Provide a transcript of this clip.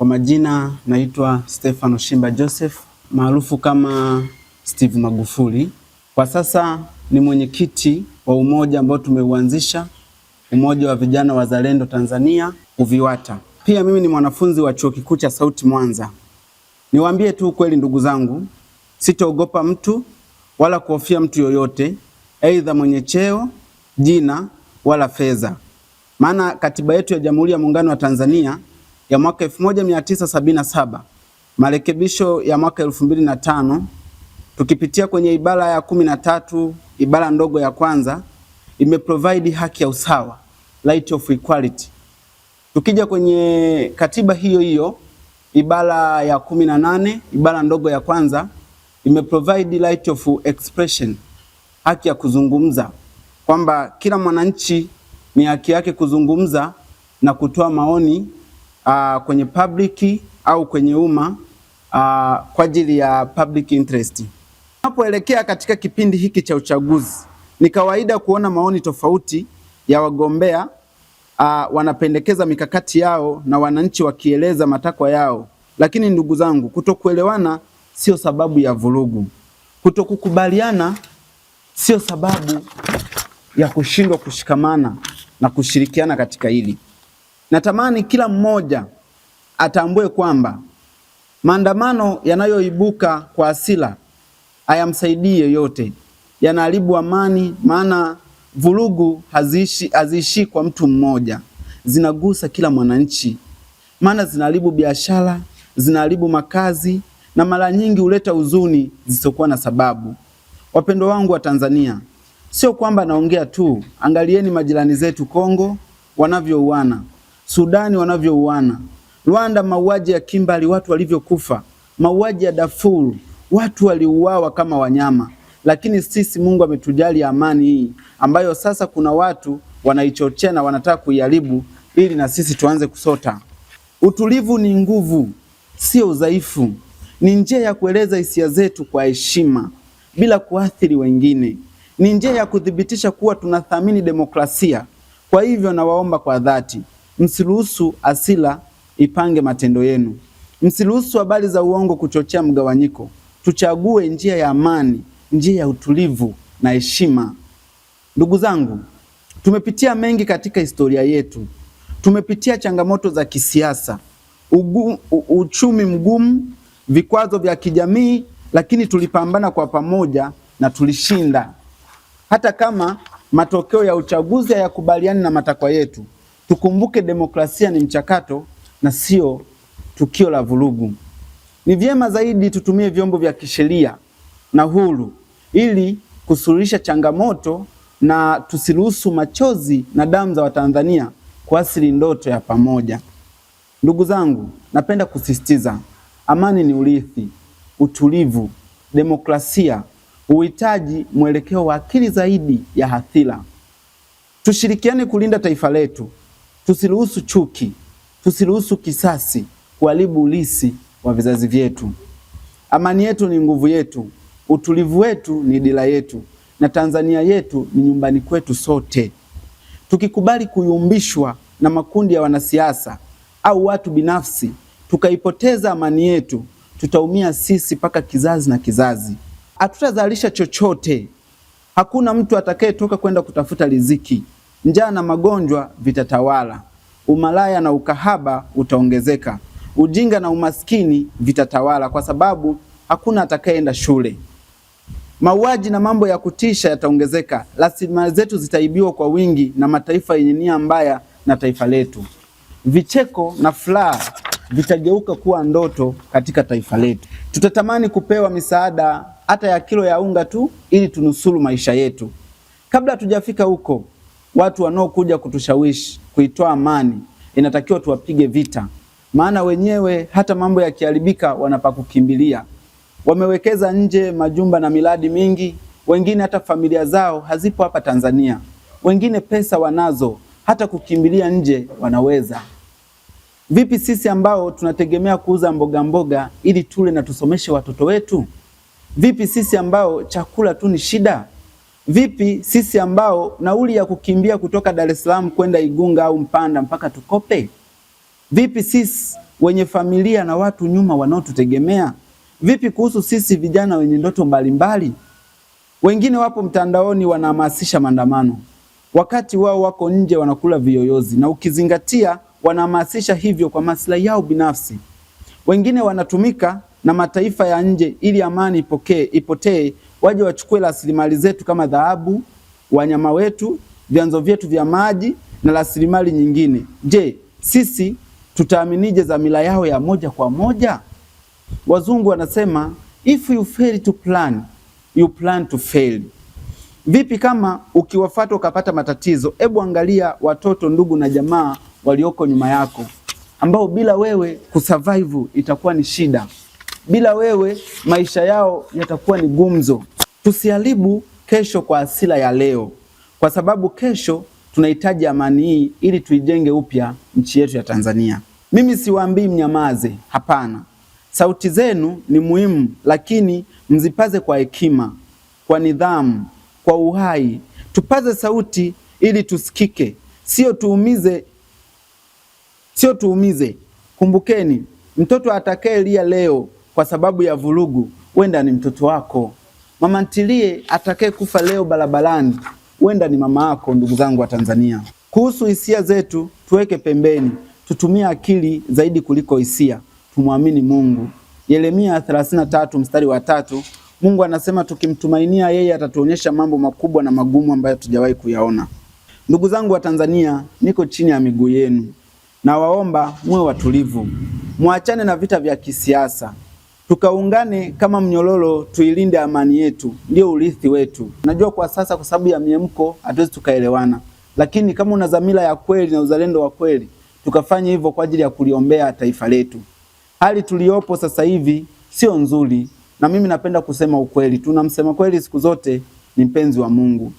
Kwa majina naitwa Stefano Shimba Joseph maarufu kama Steve Magufuli. Kwa sasa ni mwenyekiti wa umoja ambao tumeuanzisha, umoja wa vijana wazalendo Tanzania UVIWATA. Pia mimi ni mwanafunzi wa chuo kikuu cha Sauti Mwanza. Niwaambie tu kweli, ndugu zangu, sitaogopa mtu wala kuhofia mtu yoyote, aidha mwenye cheo, jina wala fedha, maana katiba yetu ya Jamhuri ya Muungano wa Tanzania ya mwaka 1977 marekebisho ya mwaka 2005 tukipitia kwenye ibara ya kumi na tatu ibara ndogo ya kwanza imeprovide haki ya usawa, right of equality. Tukija kwenye katiba hiyo hiyo ibara ya kumi na nane ibara ndogo ya kwanza imeprovide right of expression, haki ya kuzungumza, kwamba kila mwananchi ni haki yake kuzungumza na kutoa maoni uh, kwenye public au kwenye umma uh, kwa ajili ya public interest. Tunapoelekea katika kipindi hiki cha uchaguzi, ni kawaida kuona maoni tofauti ya wagombea uh, wanapendekeza mikakati yao na wananchi wakieleza matakwa yao, lakini ndugu zangu, kutokuelewana sio sababu ya vurugu. Kutokukubaliana sio sababu ya kushindwa kushikamana na kushirikiana katika hili. Natamani kila mmoja atambue kwamba maandamano yanayoibuka kwa hasira hayamsaidii yoyote, yanaharibu amani. Maana vurugu haziishii kwa mtu mmoja, zinagusa kila mwananchi, maana zinaharibu biashara, zinaharibu makazi na mara nyingi huleta huzuni zisizokuwa na sababu. Wapendwa wangu wa Tanzania, sio kwamba naongea tu, angalieni majirani zetu Kongo wanavyouana. Sudani wanavyouana, Rwanda mauaji ya Kimbali, watu walivyokufa, mauaji ya Darfur, watu waliuawa kama wanyama. Lakini sisi Mungu ametujali amani hii ambayo sasa kuna watu wanaichochea na wanataka kuiharibu ili na sisi tuanze kusota. Utulivu ni nguvu, sio udhaifu. Ni njia ya kueleza hisia zetu kwa heshima bila kuathiri wengine. Ni njia ya kuthibitisha kuwa tunathamini demokrasia. Kwa hivyo, nawaomba kwa dhati Msiruhusu asila ipange matendo yenu. Msiruhusu habari za uongo kuchochea mgawanyiko. Tuchague njia ya amani, njia ya utulivu na heshima. Ndugu zangu, tumepitia mengi katika historia yetu. Tumepitia changamoto za kisiasa, ugu, uchumi mgumu, vikwazo vya kijamii, lakini tulipambana kwa pamoja na tulishinda, hata kama matokeo ya uchaguzi hayakubaliani na matakwa yetu. Tukumbuke demokrasia ni mchakato na sio tukio la vurugu. Ni vyema zaidi tutumie vyombo vya kisheria na huru ili kusuluhisha changamoto na tusiruhusu machozi na damu za Watanzania asili ndoto ya pamoja. Ndugu zangu, napenda kusisitiza, amani ni urithi, utulivu, demokrasia uhitaji mwelekeo wa akili zaidi ya hasira. Tushirikiane kulinda taifa letu. Tusiruhusu chuki, tusiruhusu kisasi kuharibu ulisi wa vizazi vyetu. Amani yetu ni nguvu yetu, utulivu wetu ni dira yetu, na Tanzania yetu ni nyumbani kwetu sote. Tukikubali kuyumbishwa na makundi ya wanasiasa au watu binafsi, tukaipoteza amani yetu, tutaumia sisi mpaka kizazi na kizazi. Hatutazalisha chochote, hakuna mtu atakayetoka kwenda kutafuta riziki njaa na magonjwa vitatawala, umalaya na ukahaba utaongezeka, ujinga na umaskini vitatawala, kwa sababu hakuna atakayeenda shule. Mauaji na mambo ya kutisha yataongezeka, rasilimali zetu zitaibiwa kwa wingi na mataifa yenye nia mbaya na taifa letu. Vicheko na furaha vitageuka kuwa ndoto katika taifa letu. Tutatamani kupewa misaada hata ya kilo ya unga tu ili tunusuru maisha yetu. Kabla hatujafika huko watu wanaokuja kutushawishi kuitoa amani inatakiwa tuwapige vita, maana wenyewe hata mambo yakiharibika wanapakukimbilia. Wamewekeza nje majumba na miradi mingi, wengine hata familia zao hazipo hapa Tanzania, wengine pesa wanazo, hata kukimbilia nje wanaweza. Vipi sisi ambao tunategemea kuuza mboga mboga ili tule na tusomeshe watoto wetu? Vipi sisi ambao chakula tu ni shida? Vipi sisi ambao nauli ya kukimbia kutoka Dar es Salaam kwenda Igunga au Mpanda mpaka tukope? Vipi sisi wenye familia na watu nyuma wanaotutegemea? Vipi kuhusu sisi vijana wenye ndoto mbalimbali? Wengine wapo mtandaoni wanahamasisha maandamano, wakati wao wako nje wanakula viyoyozi, na ukizingatia wanahamasisha hivyo kwa maslahi yao binafsi. Wengine wanatumika na mataifa ya nje ili amani ipokee ipotee waje wachukue rasilimali zetu kama dhahabu, wanyama wetu, vyanzo vyetu vya maji na rasilimali nyingine. Je, sisi tutaaminije dhamira yao ya moja kwa moja? Wazungu wanasema if you fail to plan, you plan to fail. Vipi kama ukiwafuata ukapata matatizo? Hebu angalia watoto, ndugu na jamaa walioko nyuma yako ambao bila wewe kusurvive itakuwa ni shida. Bila wewe maisha yao yatakuwa ni gumzo. Tusiharibu kesho kwa hasira ya leo, kwa sababu kesho tunahitaji amani hii ili tuijenge upya nchi yetu ya Tanzania. Mimi siwaambii mnyamaze, hapana. Sauti zenu ni muhimu, lakini mzipaze kwa hekima, kwa nidhamu, kwa uhai. Tupaze sauti ili tusikike, sio tuumize, sio tuumize. Kumbukeni, mtoto atakayelia leo kwa sababu ya vurugu, wenda ni mtoto wako. Mama ntilie atakaye kufa leo barabarani, wenda ni mama yako. Ndugu zangu wa Tanzania, kuhusu hisia zetu tuweke pembeni, tutumie akili zaidi kuliko hisia, tumwamini Mungu. Yeremia 33 mstari wa tatu, Mungu anasema tukimtumainia yeye atatuonyesha mambo makubwa na magumu ambayo hatujawahi kuyaona. Ndugu zangu wa Tanzania, niko chini ya miguu yenu, nawaomba muwe watulivu, mwachane na vita vya kisiasa tukaungane kama mnyororo, tuilinde amani yetu, ndio urithi wetu. Najua kwa sasa, kwa sababu ya miemko hatuwezi tukaelewana, lakini kama una dhamira ya kweli na uzalendo wa kweli, tukafanya hivyo kwa ajili ya kuliombea taifa letu. Hali tuliyopo sasa hivi sio nzuri, na mimi napenda kusema ukweli. Tunamsema kweli siku zote ni mpenzi wa Mungu.